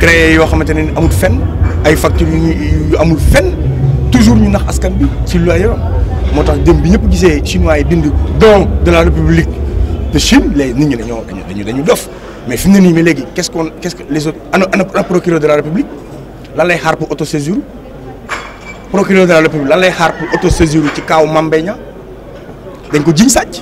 créé yo xamante ne amul fenn ay facture yu amul fenn toujours ñu nax askan bi ci loyer motax dem bi ñep gisé chinois yi dind don de la république de Chine Les nit ñi dañoo dañu dañu dof mais fi mu ne nii mais qu'est-ce qu'on qu'est-ce que les autres ana ana procureur de la république lan lay xaar pour saisir. procureur de la république lan lay xaar pour saisir. ci kaaw Mame dañ ko jiñ sacc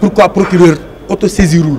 pourquoi procureur auto autosaisirul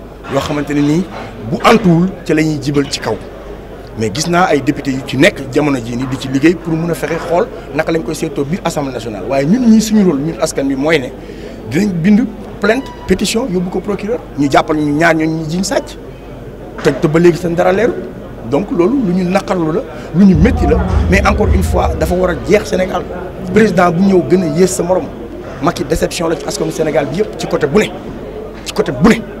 yoo xamante ni bu antuwul ci la ñuy jibal ci kaw mais gis naa ay député yu ci nekk jamono ji ni di ci liggéey pour mun a fexe xool naka lañ koy seetoo biir assemblée nationale waaye ñun ñii suñu rôle ñun askan bi mooy ne dinañ bind plainte pétition yóbbu ko procureur ñu jàppal ñu ñaar ñooñu ñu jiñ sàcc tëj te ba léegi sa dara leeru donc loolu lu ñu naqarlu la lu ñu métti la mais encore une fois dafa war a jeex Sénégal président bu ñëw gën a yées sa morom Macky déception la ci askanu Sénégal bi yëpp ci côté bu ne ci côté bu ne.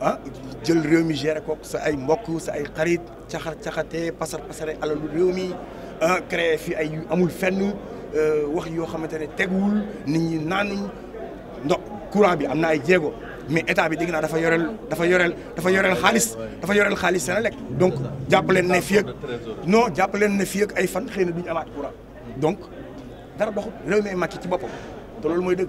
ah jël réew mi géré ko sa ay mbokk sa ay xarit caxar caxatee pasar pasare alalu réew mi ah créé fii ay amul fenn wax yoo xamante ne teguwul nit ñi naanuñ ndox courant bi am na ay jéego mais état bi dégg naa dafa yoreel dafa yoreel dafa yoreel xaalis dafa yoreel xaalis Senelec donc jàpp leen ne fii ak non jàpp leen ne fii ak ay fan xëy na duñu amaat courant donc dara doxut réew mi ay màcc ci boppam te loolu mooy dëgg.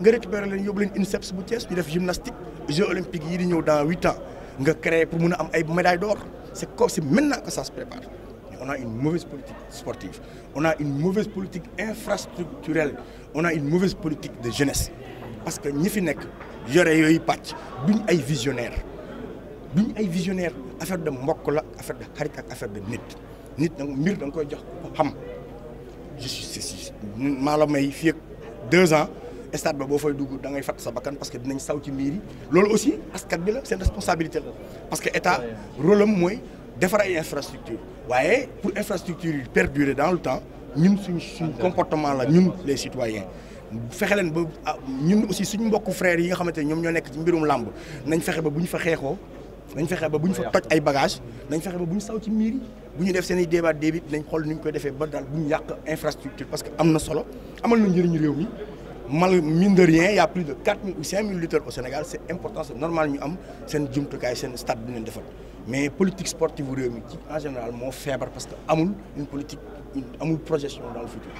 nga récupérer leen yóbbu leen INSEPS bu Thiès gymnastique Jeux olympiques yi di dans 8 ans nga crée pour mun a am ay d'or c'est c'est maintenant que ça se prépare on a une mauvaise politique sportive on a une mauvaise politique infrastructurelle on a une mauvaise politique de jeunesse parce que ñi fi je yore patch, nous ay visionnaire visionnaires, ay visionnaire affaire de mbokk la affaire de xarit ak affaire de nit nit nag La da nga koy jox je suis Je deux ans stade ba boo fay dougu da ngay fat sa bakan parce que dinañ saw ci miir lolu aussi askan bi la c'est responsabilité la parce que état rôle am mooy defar ay infrastructure wayé pour infrastructure yi perdurer dans le temps ñun suñ suñ comportement la ñun les citoyens fexe leen ba ah, ñun aussi suñu mbokku frère yi nga xamante ñom ñoom ñoo nekk ci mbirum lamb nañ fexé ba buñ fa xeexoo nañ fexé ba buñ fa toj ay bagage nañ fexé ba buñ saw ci miir yi def seen débat débit nañ xol nu ñu koy défé ba dal buñ ñu infrastructure parce que amna solo amal na ñëriñu réew mi mal mine de rien il y' a plus de 4000 ou 5000 lutteurs au Sénégal C'est important c'est normal ñu am seen jumtukaay stade de Mais defal mais politique sportive en général est faible parce que amul une politique amul projection dans le futur.